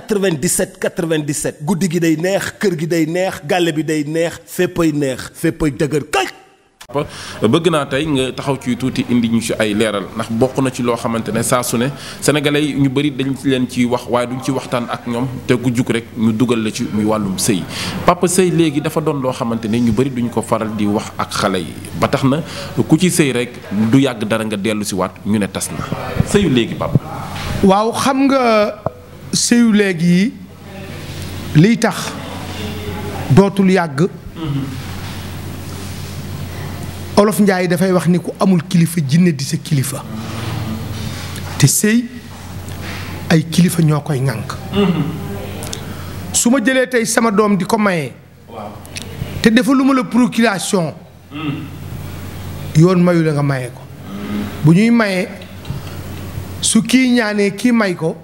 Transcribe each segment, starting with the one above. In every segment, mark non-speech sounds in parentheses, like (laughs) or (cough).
97 97 guddi gi day neex kër gi day neex gàlle bi day neex féppay neex féppay dëgër kay. bëgg naa tey nga taxaw ci tuuti indi ñu ci ay leeral ndax bokk na ci loo xamante ne saa su ne sénégalais yi ñu bëri dañ ci leen ci wax waaye duñ ci waxtaan ak ñoom te ku jug rek ñu dugal la ci muy wàllum sëy papa sëy léegi dafa doon loo xamante ne ñu bëri duñ ko faral di wax ak xale yi ba tax na ku ci sëy rek du yàgg dara nga dellu si waat ñu ne tas na sëyu léegi papa. waaw xam nga. sëyu léegi yi liy tax dootul yàgg olof njaay dafay wax ni ku amul kilifa jinne di sa kilifa te sëy ay kilifa ñoo koy ŋànk su ma jëlee tey sama doom di ko maye te dafa lu ma la procuration yoon mayu la nga maye ko bu ñuy maye su kii ñaanee kii may ko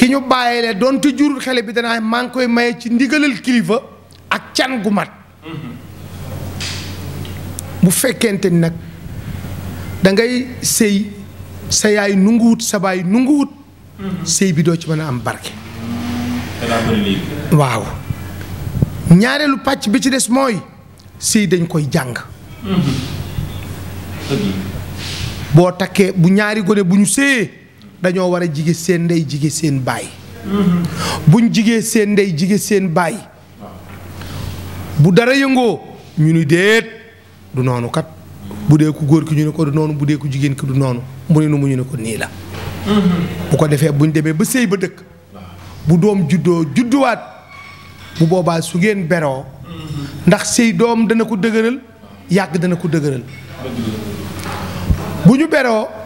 ki ñu bàyyilee doonte jurul xale bi danaa maa ngi koy maye ci ndigalal kilifa ak can gu mat bu fekkente ni nag dangay ngay sëy sa yaay nunguwut sa baay nunguwut sëy bi doo ci mën a am barke waaw ñaareelu pàcc bi ci des mooy sëy dañ koy jàng boo takkee bu ñaari gone bu ñu sëyee dañoo war a jige seen ndey jige seen baay buñ jigee seen ndey jige seen baay bu dara yëngoo ñu ni déet du noonu kat bu dee ku góor ki ñu ne ko du noonu bu dee ku jigéen ki du noonu mu ne nu ñu ne ko nii la bu ko defee buñ demee ba sëy ba dëkk bu doom juddoo judduwaat bu boobaa su ngeen beroo ndax sëy doom dana ko dëgëral yàgg dana ko dëgëral bu ñu beroo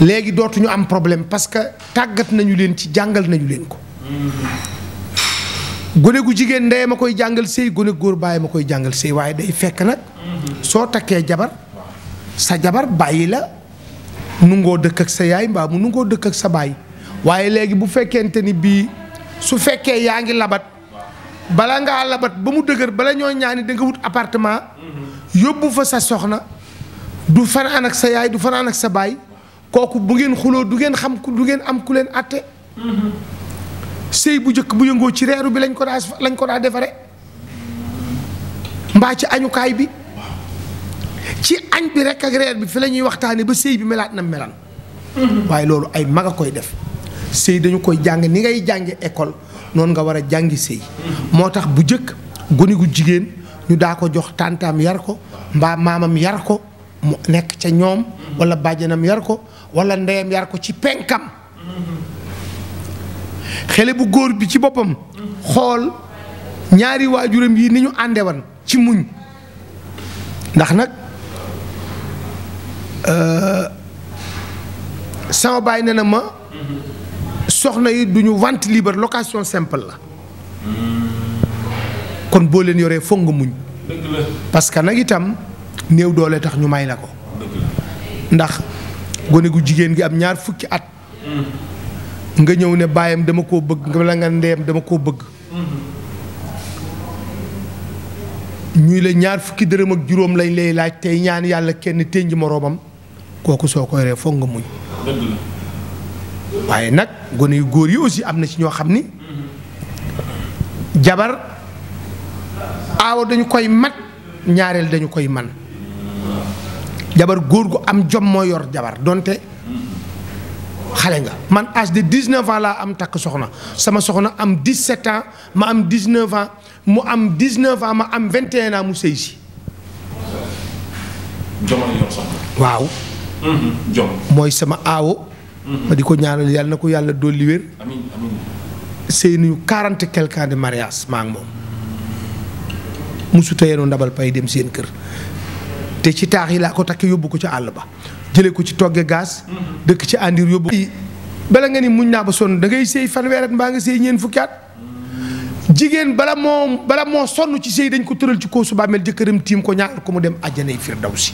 léegi dootuñu am problème parce que tàggat nañu leen ci jàngal nañu leen ko. gone gu jigéen ndey ma koy jàngal sëy gone góor bàyyi ma koy jàngal sëy waaye day fekk nag. soo takkee jabar sa jabar bàyyi la nu ngoo dëkk ak sa yaay mbaa mu nu ngoo dëkk ak sa baay waaye léegi bu fekkente ni bii su fekkee yaa ngi labat bala ngaa labat ba mu dëgër bala ñoo ñaani da nga wut appartement yóbbu fa sa soxna du fanaan ak sa yaay du fanaan ak sa baay. kooku bu ngeen xuloo du ngeen xam ku du ngeen am ku leen àtte sëy bu njëkk bu yëngoo ci reeru bi lañ ko daa lañ ko daa defare mbaa ci añukaay bi ci añ bi rek ak reer bi fi la ñuy waxtaane ba sëy bi melaat na melan waaye loolu ay mag a koy def sëy dañu koy jàng ni ngay jànge école noonu nga war a jàngi sëy moo tax bu jëkk gone gu jigéen ñu daa ko jox tàntaam yar ko mbaa maamam yar ko mu nekk ca ñoom wala bàjjanam yar ko wala ndeyam yar ko ci penkam xele bu góor bi ci boppam xool ñaari waajuram yi ni ñu àndewan ci muñ ndax nag euh, sama bàyyi ne na ma soxna yi du ñu vente libre location simple la kon boo leen yore foog nga muñ parce que nag itam néew doole tax ñu may na ko ndax gone gu jigéen gi am ñaar fukki at nga ñëw ne baayam dama ko bëgg nga la nga ndeyam dama koo bëgg ñuy la ñaar fukki dërëm ak juróom lañ lay laaj tey ñaan yàlla kenn ténj moroomam kooku soo koy ree foog nga muñ waaye nag gone yu góor yi aussi am na ci ñoo xam ni jabar aawa dañu koy mat ñaareel dañu koy man jabar góor gu am jom moo yor jabar donte xale nga man âge di 19 ans laa am takk soxna sama soxna am 17 ans ma am 19 ans mu am 19 ans ma am 21 ans mu sëy si. waaw. Mm-hmm. jom mooy sama aawo. Mm-hmm. ma di ko ñaanal yàlla na ko yàlla dolli wér. amiin amiin sëy de mariage maa ngi moom. musu teyenu ndabal pay dem seen kër te ci taax yi laa ko takk yóbbu ko ci àll ba jëlee ko ci togge gaz. dëkk ci àndir yóbbu. bala nga ni muñ naa ba sonn dangay ngay sëy fanweer at mbaa nga sëy ñeent fukki at jigéen bala moo bala moo sonn ci sëy dañ ko tëral ci koosu bàmmeel jëkkëram tiim ko ñaanal ko mu dem àjjana yi firdawsi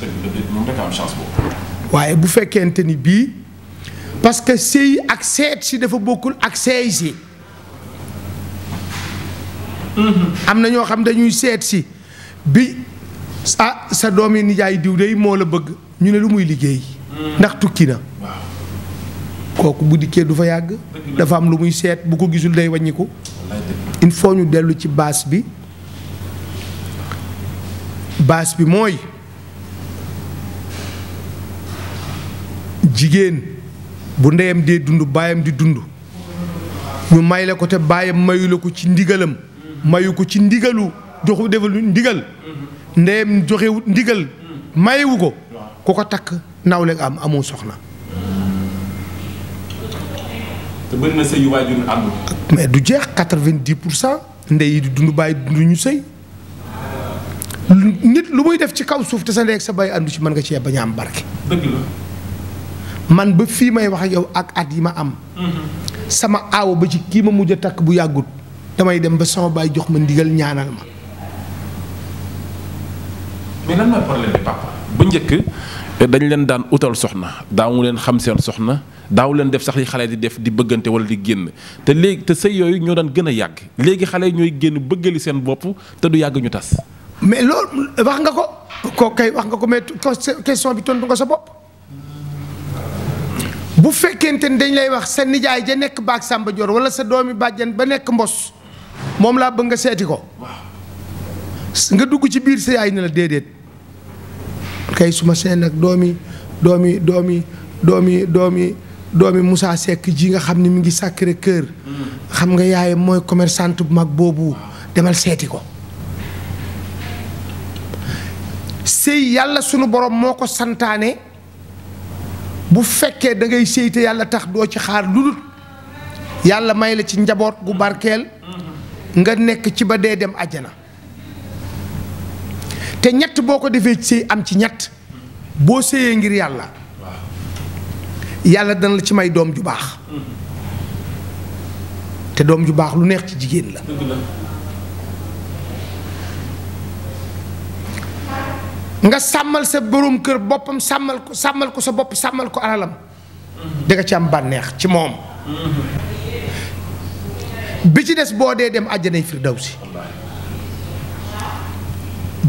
waaye bu fekkente ni bii parce que sëy ak seet si dafa bokkul ak seey si mm-hmm. am na ñoo xam dañuy seet si bi a ah, sa doomi nijaay diw dey moo la bëgg ñu ne lu muy liggéey hmm. ndax tukki na kooku bu dikkee du fa yàgg dafa am lu muy seet bu ko gisul day waññiku il faut ñu dellu ci baas bi baas bi mooy jigéen bu ndeyam dee dund baayam di dund ñu may la ko te baayam mayu ko ci ndigalam hmm. mayu ko ci ndigalu joxu defal ndigal hmm. ndeyam joxewut ndigal mayewu ko ku ko takk nawle am amoo soxna. mais du jeex quatre-vingt-dix pour cent ndey yi di dund bàyyi dund ñu sëy nit lu muy def ci kaw suuf te sa ndey ak sa bàyyi àndu ci mën nga cee bañ am barke. dëgg man ba fii may wax ak at yi ma am. Mm-hmm. sama aawo ba ci kii ma mujj takk bu yàggut damay dem ba sama baay jox ma ndigal ñaanal ma. mais bu njëkk dañ leen daan utal soxna daawu leen xam seen soxna daaw leen def sax yi xale di def di bëggante wala di génn te léegi te sëy yooyu ñoo daan gën a yàgg léegi xale yi ñooy génn bëggali seen bopp te du yàgg ñu tas. mais loolu wax nga ko. ko kay wax nga ko mais question bi tontu nga sa bopp. bu fekkente ni dañ lay wax sa nijaay ja nekk baag sàmbajoor Dior wala sa doomi bàjjan ba nekk mbos moom laa bëgg nga seeti ko. nga dugg ci biir sa yaay ne la déedéet kay su ma seen nag doomi doomi doomi doomi doomi doomi Moussa Seck ji nga xam ne mi ngi Sacré kër xam nga yaayam mooy commerçante bu mag boobu demal seeti ko sëy yàlla sunu borom moo ko santaane bu fekkee da ngay sëy te yàlla tax doo ci xaar ludul yàlla may la ci njaboot gu barkeel nga nekk ci ba dee dem àjjana te ñett boo ko defee sëy am ci ñett boo séyee ngir yàlla yàlla dana la ci may doom ju baax te doom ju baax lu neex ci jigéen la nga sàmmal sa boroom kër boppam sàmmal ko sàmmal ko sa bopp sàmmal ko alalam da ci am bànneex ci moom mm-hmm. bi ci des boo dee dem àjjanay firdawsi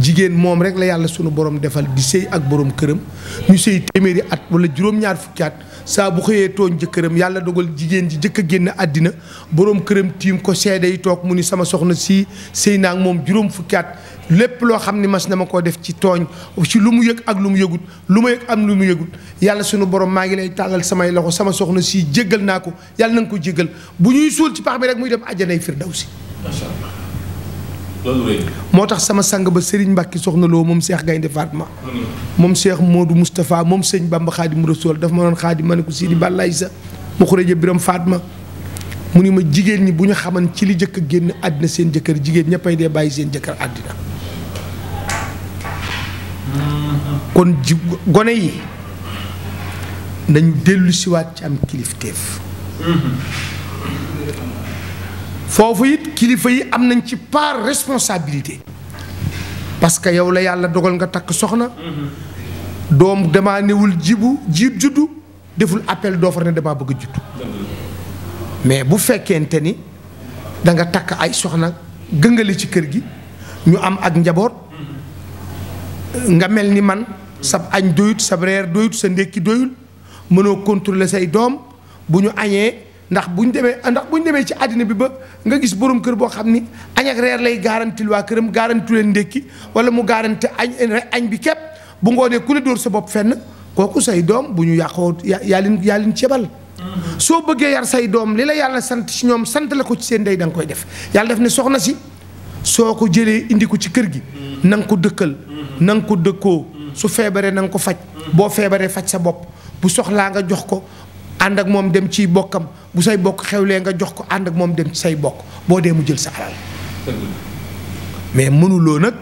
jigéen moom rek la yàlla sunu borom defal di sëy ak boroom këram ñu sëy téeméeri at wala juróom-ñaar fukki at saa bu xëyee tooñ jëkkëram yàlla dogal jigéen ji jëkk a génn àddina borom këram tiim ko seede yi toog mu ni sama soxna si sëy naa ak moom juróom fukki at lépp loo xam ni mas na ma ko def ci tooñ ci lu mu yëg ak lu mu yëgut lu ma yëg am lu mu yëgut yàlla sunu borom maa ngi lay tàllal samay loxo sama soxna si jéggal naa ko yàlla na nga ko jéggal bu ñuy suul ci pax bi rek muy dem àjjanay firdawsi moo tax sama sang ba Serigne mbàkki soxna loo moom Cheikh Gaynde faat ma moom moo du mustafaa moom sëñ Bamba Xaadim Rasool daf ma doon xaadim ma ne ko Sidi Bàllaay sa ma xurëja biram Fatma mu ni ma jigéen ñi bu ñu xaman ci li jëkk a génn àddina seen jëkkër jigéen ñëppay dee bàyyi seen jëkkër àddina kon gone yi nañu dellu siwaat ci am kilifteef foofu yit kilifa yi am nañ ci part responsabilité parce que yow la yàlla dogal nga takk soxna doom damaa newul jibu jiib juddu deful appel d'offre ne damaa bëgg a juddu mais bu fekkente ni da nga takk ay soxna gëngale ci kër gi ñu am ak njaboot nga mel ni man sab añ doyut sab reer doyut sa ndékki doyul mënoo contrôler say doom bu ñu añee ndax bu ñu demee ndax bu ñu demee ci àddina bi ba nga gis borom kër boo xam ni añ ak reer lay garantil waa këram garanti leen ndékki wala mu garanti añ bi képp bu ngoonee ku ne dóor sa bopp fenn kooku say doom bu ñu yàqoo yaa leen yaa leen cebal soo bëggee yar say doom li la yàlla sant ci ñoom sant la ko ci seen ndey danga nga koy def yàlla def ne soxna si soo ko jëlee indi ko ci kër gi na ko dëkkal na ko dëkkoo su feebaree na nga ko faj boo feebaree faj sa bopp bu soxlaa nga jox ko ànd ak moom dem ci bokkam bu say bokk xewlee nga jox ko ànd ak moom dem ci say bokk boo dee mu jël sa mais mënuloo nag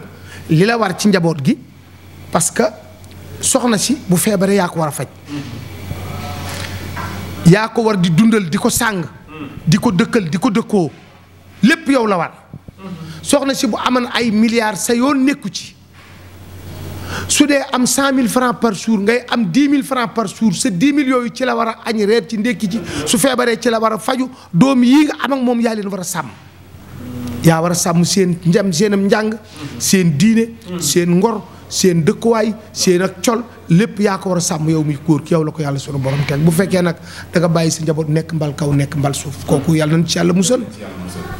li la war ci njaboot gi parce que soxna si bu feebaree yaa ko war a faj yaa ko war di dundal di ko sàng di ko dëkkal di ko dëkkoo lépp yow la war soxna si bu amoon ay milliards sa yoon nekku ci su dee am cent 100000 francs par jour ngay am 10000 francs par jour sa 10000 yooyu ci la war a añ reer ci ndékki ci su feebaree ci la war a faju doom yi nga am moom yaa leen war a sàmm yaa war a sàmm seen njam seenam njàng seen diine seen ngor seen dëkkuwaay seen ak col lépp yaa ko war a sàmm yow muy góor ki yow la ko yàlla sunu borom teg bu fekkee nag da bàyyi sa njaboot nekk mbal kaw nekk mbal suuf kooku yàlla nañ ci yàlla musal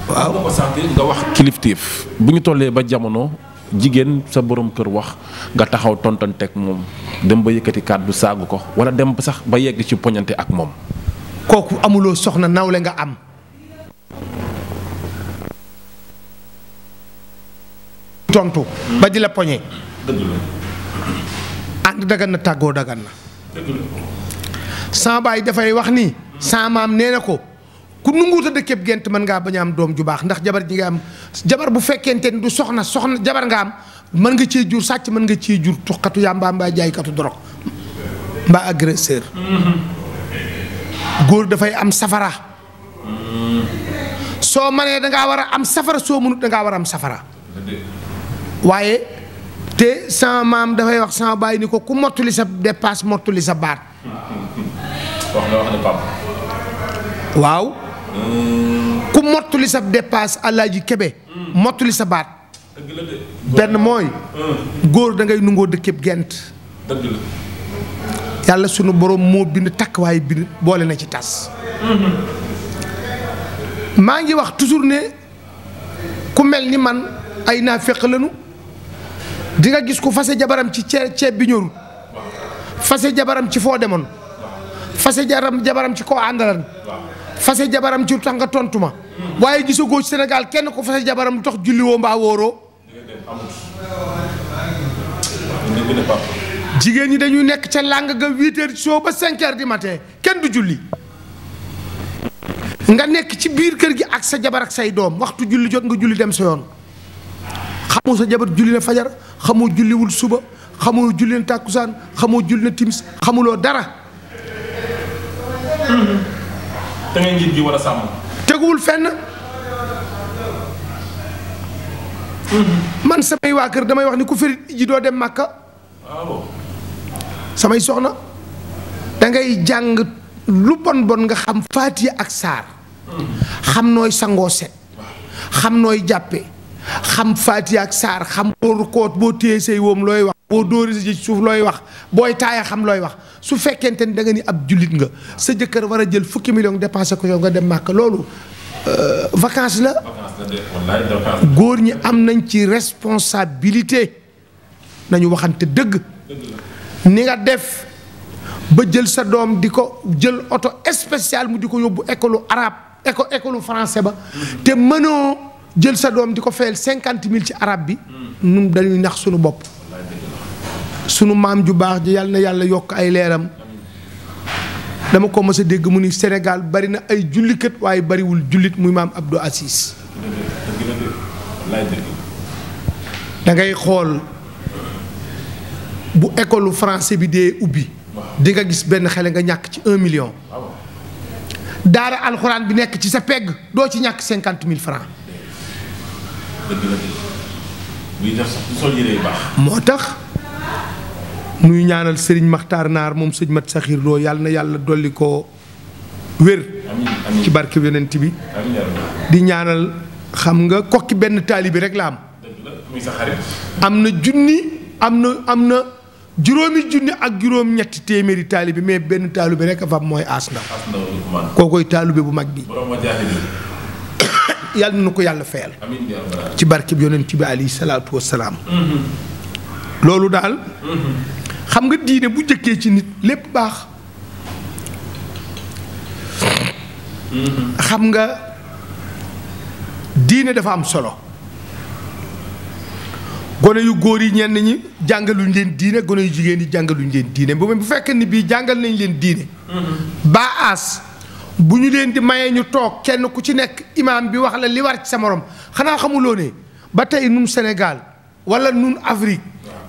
waaw nga bu ñu tollee ba jamono jigéen sa boroom kër wax nga taxaw tontanteeg moom dem ba yëkkati kàddu saagu ko wala dem ba sax ba yegg ci poñante ak moom. kooku amuloo soxna nawle nga am. tontu ba di la poñe. ànd ah, dagan na tàggoo daggan na. sama baay dafay wax ni. sama nee ko. ku nunguut a dëkkeeb gent mën ngaa bañ a am doom ju baax ndax jabar ji nga am jabar bu fekkente ni du soxna soxna jabar nga am mën nga cee jur sàcc mën nga cee jur tuxkatu yàmba mbaa jaaykatu dorog mbaa agresseur góor dafay am safara soo manee dangaa war a am safara soo mënut dangaa war am safara waaye te sama maam dafay wax sama bàyyi ni ko ku mottuli sa dépasse mottuli sa baat waaw ku mottuli sa dépasse Alaaji Kebe mottuli sa baat benn mooy góor dangay ngay nungoo dëkkeeb gent yàlla sunu borom moo bind takk waaye boole na ci tas maa ngi wax toujours ne ku mel ni man ay naa féq lanu dinga gis ku fase jabaram ci ceeb bi ñorul fase jabaram ci foo demoon fase jabaram jabaram ci koo àndalan fase jabaram ci lu tax nga tontu ma waaye gisagoo ci Sénégal kenn ko fase jabaram lu tax julliwoo mbaa wóoroo jigéen ñi dañuy nekk ca làng ga huit soo ba cinq heures matin kenn du julli nga nekk ci biir kër gi ak sa jabar ak say doom waxtu julli jot nga julli dem sa yoon xamoo sa jabar julli na fajar xamoo julliwul suba xamoo julli na tàkkusaan xamoo julli na timis xamuloo dara da teguwul fenn. man samay waa kër damay wax ni ku firi ji doo dem màkka. samay soxna da ngay jàng lu bon bon nga xam faatiya ak saar. Hmm. xam nooy sangoo set. xam nooy jàppe xam Faatiha ak saar xam boo koot boo téye say woom looy wax boo dóori sa ci suuf looy wax booy taaya xam looy wax su fekkente ni danga ni ab jullit nga sa jëkkër war a jël fukki million dépensé ko yow nga dem màkk loolu euh, vacances la góor ñi am nañ ci responsabilité nañu waxante dëgg ni nga def ba jël sa doom di ko jël oto spécial mu di ko yóbbu école arabe école école français ba mm. te mënoo jël sa doom di ko fayal cinquante mille ci arab bi nun dañuy nax suñu bopp sunu maam ju baax ji yàlla na yàlla yokk ay leeram dama ko mës dégg mu ni Sénégal bari na ay jullikat waaye bariwul jullit muy maam Abdou Assis da ngay xool bu école français bi dee ubbi di nga gis benn xale nga ñàkk ci un million daara alxuraan bi nekk ci sa pegg doo ci ñàkk cinquante mille francs moo tax muy ñaanal sëriñ Makhtar Naar moom sëñ Mat Saxiir Lo yàlla na yàlla dolli ko wér. ci barke yonent bi. di ñaanal xam nga kokki benn taalibi rek la am. am na junni am na am na juróomi junni ak juróom ñetti téeméeri taalibi mais benn taalibi rek a fa mooy aas ndaw. koo koy taalibi bu mag bi. yàlla na ko yàlla fayal ci barkeb yonent bi alayhi salaatu wasalaam mm-hmm. loolu daal mm-hmm. xam nga diine bu jëkkee ci nit lépp baax mm-hmm. xam nga diine dafa am solo gone yu góor yi ñenn ñi jàngaluñ leen diine gone yu jigéen yi jàngaluñ leen diine bu fekkee ni bii jàngal nañ leen diine baa aas bu ñu leen di mayee ñu toog kenn ku ci nekk imaam bi wax la li war ci sa morom xanaa xamuloo ne ba tey nun Sénégal wala nun Afrique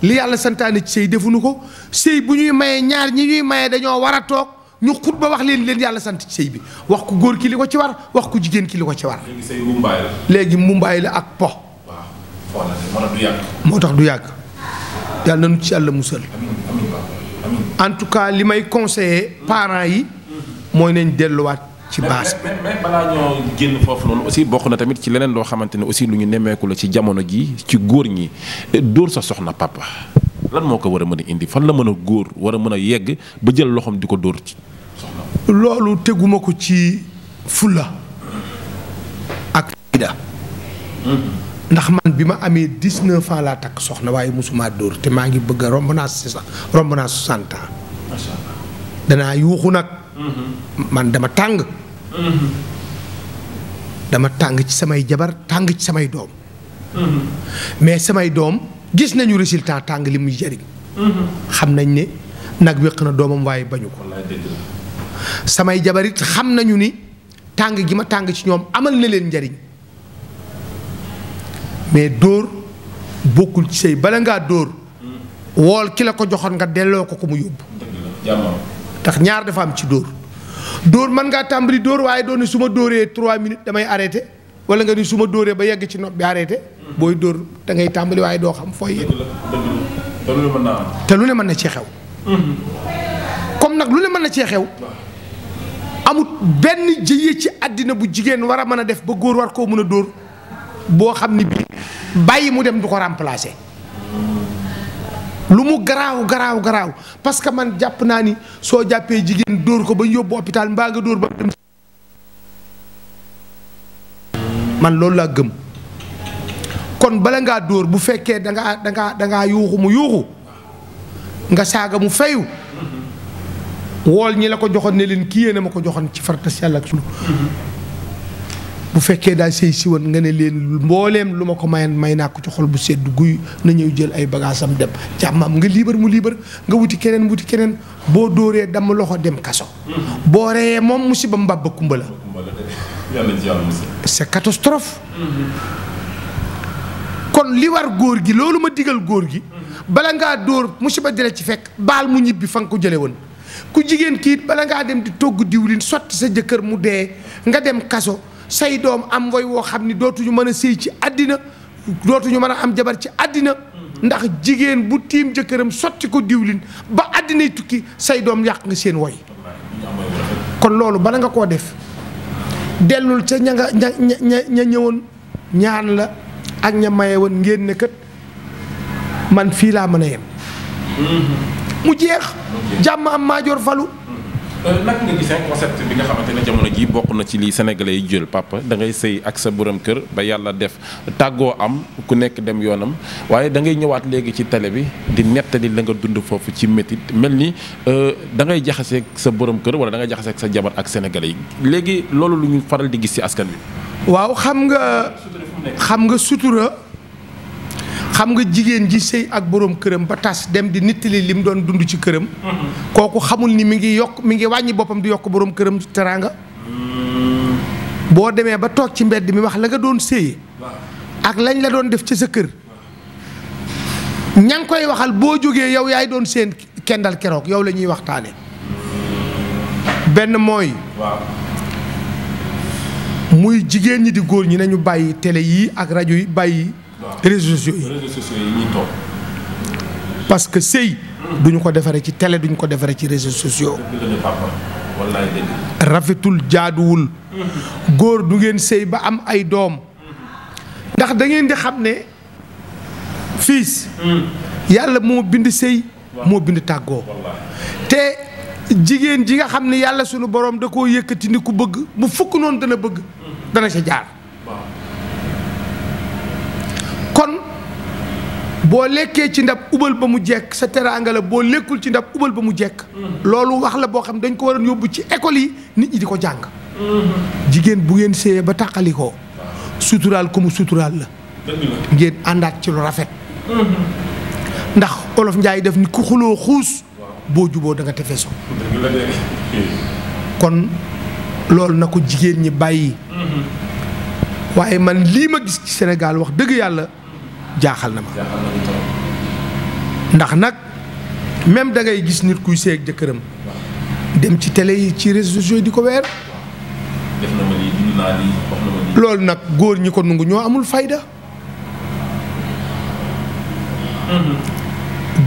li yàlla santaane ci sëy defuñu ko sëy bu ñuy mayee ñaar ñi ñuy mayee dañoo war a toog ñu xut ba wax leen leen yàlla sant ci sëy bi wax ku góor ki li ko ci war wax ku jigéen ki li ko ci war. léegi sëy mumbaay la. léegi mumbaay la ak po. moo tax du yàgg. yàlla nañu ci yàlla musal. en tout cas li may conseiller parent yi. mooy nañ delluwaat ci base bi. mais noonu aussi bokk na tamit ci leneen loo xamante ne aussi lu ñu nemmeeku la ci jamono ji ci góor ñi dóor sa soxna papa lan moo ko war a mën a indi fan la mën a góor war a mën a yegg ba jël loxoom di ko dóor ci loolu teguma ko ci fulla ak fayda hmm. ndax man bi ma amee dix-neuf ans laa takk soxna waaye mosuma dóor te maa ngi bëgg a romb naa si danaa yuuxu nag. Mm-hmm. man dama tàng mm-hmm. dama tàng ci samay jabar tàng ci samay doom mm-hmm. mais samay doom gis nañu résultat tàng li muy jariñ xam nañ ni nag wéq na doomam waaye bañu ko samay jabar it xam nañu ni tàng gi ma tàng ci ñoom amal na leen njariñ mais dóor bokkul ci sëy bala ngaa dóor mm. wool ki la ko joxoon nga delloo ko ko mu yóbbu tax ñaar dafa am ci dóor dóor mën ngaa tàmbali dóor waaye doon ne su ma dóoree 3 minutes damay arrêté wala nga ni suma dóoree ba yegg ci nopp bi arrêté booy dóor da ngay tàmbali waaye doo xam fooy te lu ne mën na cee xew. comme nag lu ne mën na cee xew. amut benn jëye ci àddina bu jigéen war a mën a def ba góor war koo mën a dóor boo xam ni bii bàyyi mu dem du ko remplacer. lu mu garaaw garaaw garaaw parce que man jàpp naa ni soo jàppee jigéen dóor ko ba ñu yóbbu hôpital mbaa nga dóor ba man loolu laa gëm kon bala ngaa dóor bu fekkee dangaa danga dangaa yuuxu mu yuuxu nga saaga mu fayu wool ñi la ko joxoon ne leen kii yéen a ma ko joxoon ci fartas yàlla ak sunu bu fekkee daal sëy si woon nga ne leen mbooleem lu ma ko mayan may naa ko ci xol bu sedd guy na ñëw jël ay bagaasam dem jàmmam nga liibar mu liibar nga wuti keneen wuti keneen boo dóoree damm loxo dem kaso boo reyee moom musiba mbàbba kumba la c'est catastrophe kon li war góor gi loolu ma digal góor gi bala ngaa dóor musiba dina ci fekk baal mu ñibbi fa nga ko jële woon ku jigéen kiit bala ngaa dem di togg diwlin sotti sa jëkkër mu dee nga dem kaso say doom am woy woo xam ni dootuñu mën a sëy ci àddina dootuñu mën a am jabar ci àddina mm-hmm. ndax jigéen bu tiim jëkkëram sotti ko diwlin ba àddinay tukki say doom yàq nga seen woy kon loolu bala nga koo def dellul ca ña nga ña ña ña ñëwoon ñaan la ak ña maye woon ngeen ne kat man fii laa mën a yem mm-hmm. mu jeex jàmm am maajoor falu Euh, naka nga gisee concept ne jamono ji bokk na ci li sénégalais yi jël papa da ngay sëy ak sa borom kër ba yàlla def tàggoo am ku nekk dem yoonam waaye dangay ñëwaat léegi ci télé bi di nettali la nga dund foofu ci métit mel ni euh, da ngay jaxaseeg sa borom kër wala da ngay jaxaseeg sa jabar ak sénégalais yi léegi loolu lu ñu faral di gis ci askan wi. waaw xam nga xam nga sutura. xam nga jigéen ji séy ak boroom këram ba tas dem di nittali li mu doon dund ci këram. kooku xamul ni mi ngi yokk mi ngi wàññi boppam di yokk boroom këram teraanga. boo demee ba toog ci mbedd mi wax la nga doon séyee ak lañ la doon def ci sa kër ña ngi koy waxal boo jógee yow yaay doon seen kendal keroog yow la ñuy waxtaane benn mooy muy jigéen ñi di góor ñi nañu bàyyi tele yi ak rajo yi bàyyi réseaux sociaux yi réseaux sociaux yi sëy duñu ko defaree ci tele duñu ko defaree ci réseaux sociaux rafetul jaaduwul góor du ngeen sëy ba am ay doom ndax dangeen ngeen di xam ne fiis yàlla moo bind sëy moo bind tàggoo te jigéen ji nga xam ne yàlla sunu borom da koo yëkkati ni ku bëgg mu fukk noonu dana bëgg dana ca jaar boo lekkee ci ndab ubal ba mu jekk sa teraanga la boo lekkul ci ndab ubal ba mu jekk mm-hmm. loolu wax la boo xam dañ ko waroon yóbbu ci école yi nit ñi di ko jàng mm-hmm. jigéen bu ngeen séyee ba tàqalikoo suturaal ko mu suturaal la ngeen àndaat ci lu rafet mm-hmm. ndax olof njaay def ni ku xuloo xuus boo juboo da nga tefeso kon loolu na ko jigéen ñi bàyyi waaye man lii ma gis ci Sénégal wax dëgg yàlla jaaxal na ma ndax nag même dangay gis nit kuy seeg jëkkëram dem ci tele yi ci réseaux sociaux di ko weer loolu nag góor ñi ko nungu ñoo amul fayda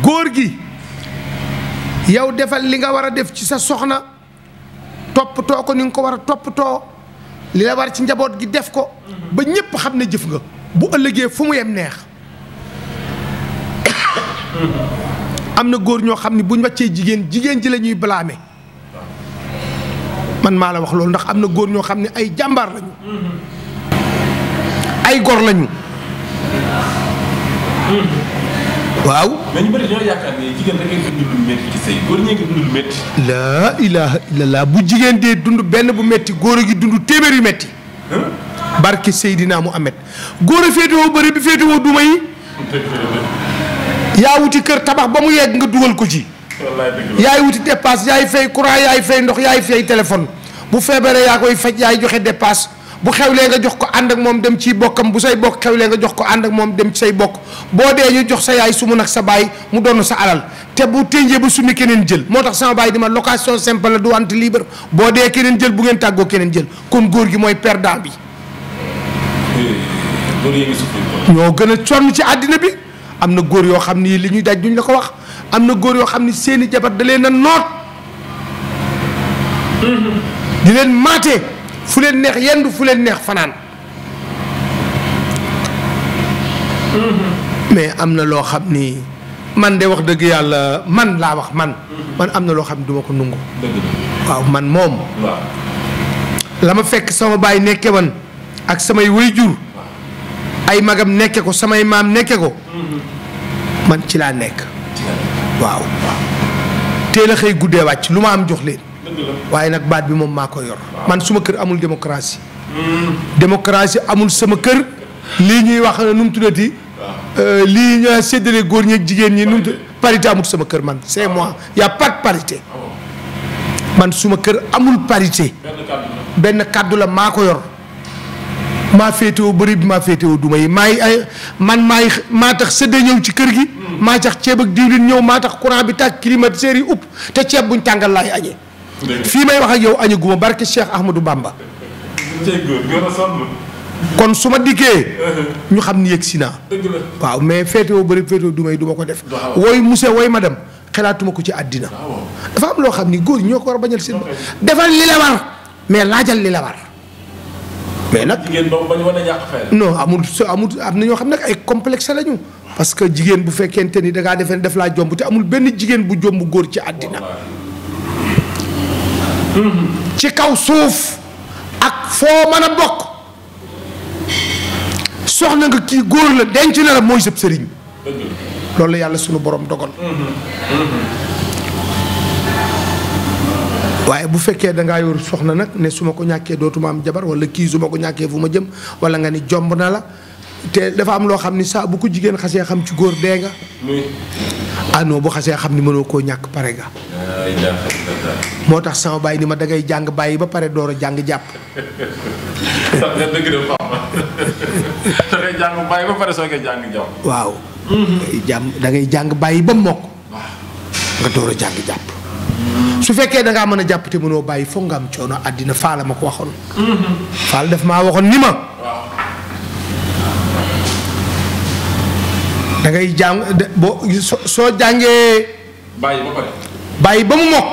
góor gi yow defal li nga war a def ci sa soxna toppatoo ko ni nga ko war a toppatoo li la war ci njaboot gi def ko ba ñépp xam ne jëf nga bu ëllëgee fu mu yem neex am na góor ñoo xam ne buñ wàccee jigéen jigéen ji la ñuy blaame man maa la wax loolu ndax am na góor ñoo xam ne ay jàmbaar lañu ay gor lañu waaw. mais ñu laa bu jigéen dee dund benn bu metti góor a dund téeméeri metti yu métti. barke mu Muhammad góor a féetewoo bi féetewoo duma yi. yaa wuti kër tabax ba mu yegg nga dugal ko ci. yaay wuti dépasse yaay fay courant yaay fay ndox yaay fay téléphone bu feebaree yaa koy faj yaay joxe dépasse bu xewlee nga jox ko ànd ak moom dem ci bokkam bu say bokk xewlee nga jox ko ànd ak moom dem ci say bokk boo dee ñu jox sa yaay sumu nag sa baay mu doon sa alal te bu tënjee ba sumi keneen jël moo tax sama baay di ma location simple la du ante libre boo dee keneen jël bu ngeen tàggoo keneen jël kon góor gi mooy perdant bi. Eh, gën a sonn ci àddina bi. am na góor yoo xam ni li ñuy daj duñ la ko wax am na góor yoo xam ni seeni jabar da leen a noot di leen maate fu leen neex yenn fu leen neex fanaan mais am na loo xam ni man de wax dëgg yàlla man laa wax man man am na loo xam ne duma ko nungu waaw man moom la ma fekk sama baay nekke woon ak samay wéy jur ay magam nekke ko samay maam nekke ko man ci laa nekk waaw teel a xëy guddee wàcc lu ma am jox leen waaye nag baat bi moom maa ko yor man suma kër amul démocratie démocratie amul sama kër lii ñuy wax nu mu tuddati euh, lii ñoo séddale góor ñeeg jigéen ñi nu amul sama kër man c'est moi y a pas parité man suma kër amul parité benn kàddu la maa ko yor maa féetewoo bëri bi maa féetewoo duma yi maay ay man maay maa tax sëdda ñëw ci kër gi maa tax ceeb ak diwlin ñëw maa tax courant bi tàkk climatiseur yi upp te ceeb buñ tàngal laay añee fii may wax ak yow añu guma barke Cheikh Ahmadou Bamba kon su ma dikkee (laughs) ñu xam ni yëg si naa waaw mais féetewoo bëri féetewoo duma yi du ma ko def wooy woy ma dem xelaatuma ko ci àddina dafa am loo xam ni góor ñoo ko war a bañal seen defal li la mais laajal li mais nag jigéen boobu ba ñu war a ñàkk fay. non amul amul am na ñoo xam ne ay complexe lañu. parce que jigéen bu fekkente ni dangaa ngaa defee def laa jomb te amul benn jigéen bu jomb góor ci àddina. ci kaw suuf ak foo mën a bokk. soxna nga kii góor la denc na la mooy sëb sëriñ. loolu yàlla sunu borom dogal. Mhm. Mhm. waaye bu fekkee da ngaa yor soxna nag ne su ma ko ñàkkee dootuma am jabar wala kii su ma ko ñàkkee fu ma jëm wala nga ne jomb na la te dafa am loo xam ni saa bu ko jigéen xasee xam ci góor dee nga. ah non bu xasee xam ni mënoo koo ñàkk pare nga. Ah, tax sama bàyyi ni ma dangay jàng bàyyi ba pare door a jàng jàpp. waaw (laughs) nga dëgg (laughs) jàng bàyyi ba pare soo koy mhm. dangay jàng bàyyi ba mokk. nga door a jàng jàpp. su fekkee da mën a jàpp te mënoo bàyyi foog nga am coono àddina faala ma ko waxoon. faal daf maa waxoon ni ma. da jàng soo jàngee. ba pare. bàyyi ba mu mokk.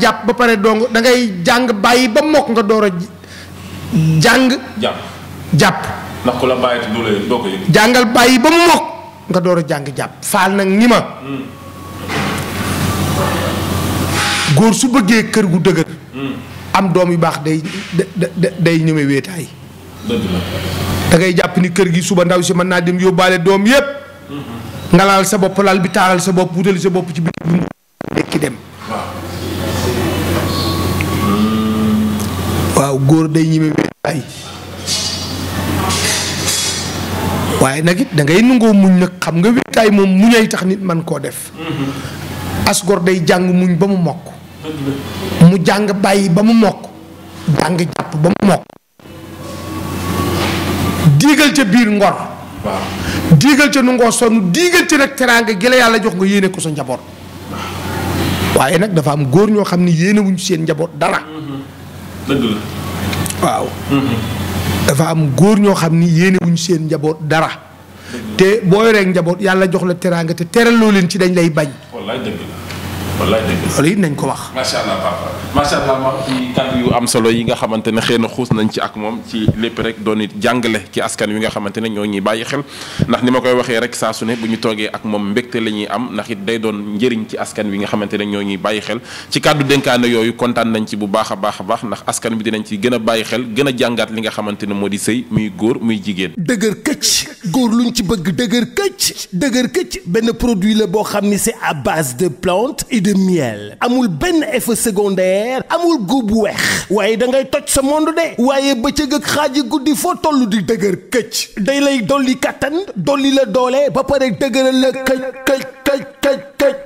jàpp ba pare dong da ngay jàng bàyyi ba mokk nga door a jàng. jàpp jàpp. ndax jàngal bàyyi ba mu mokk nga door a jàng jàpp faal nag ni ma. Hmm. góor su bëggee kër gu dëgër. Hmm. am doom yu baax day day ñeme wéetaay. da jàpp ni kër gi suba ndaw si mën naa dem yóbbaale doom yépp hmm. nga laal sa bopp laal bi taaral sa bopp wutali sa bopp ci biir bi mu nekki dem. Hmm. waaw góor day ñeme wéetaay. waaye nag it da ngay nangoo muñ nag xam nga wéetaay moom muñay tax nit man koo def. asgor day jàng muñ ba mu mokk mu jàng bàyyi ba mu mokk jàng jàpp ba mu mokk diigal ca biir ngor diigal ca nu ngoo sonn diigal ca nag teraanga gi la yàlla jox nga yéene ko sa njaboot waaye nag dafa am góor ñoo xam ne yéene wuñ seen njaboot dara mm-hmm. mm-hmm. dafa am góor ñoo xam ni yéene wuñ seen njaboot dara te boo yoree njaboot yàlla jox la teraanga te teral loo leen ci dañ lay bañ wallaay loolu nañ ko wax. macha allah ma ci kàddu yu am solo yi nga xamante ne xëy na xuus nañ ci ak moom ci lépp rek doon it jàngale ci askan wi nga xamante ne ñoo ñuy bàyyi xel ndax ni ma koy waxee rek saa ne bu ñu toogee ak moom mbégte la ñuy am ndax day doon njëriñ ci askan wi nga xamante ne ñoo ñuy bàyyi xel ci kàddu dénkaane yooyu kontaan nañ ci bu baax a baax a baax ndax askan bi dinañ ci gën a bàyyi xel gën a jàngaat li nga xamante ne moo di sëy muy góor muy jigéen dëgër këcc góor luñ ci bëgg dëgër këcc dëgër këcc benn produit la boo xam ni c'est à base de plante de miel amul benn effet secondaire amul góob bu weex waaye da ngay toj sa monde de waaye bëccëg ak xaaj guddi foo toll di dëgër këcc day lay dolli kàttan dolli la doole ba pare dëgëral la këcc këcc këcc këcc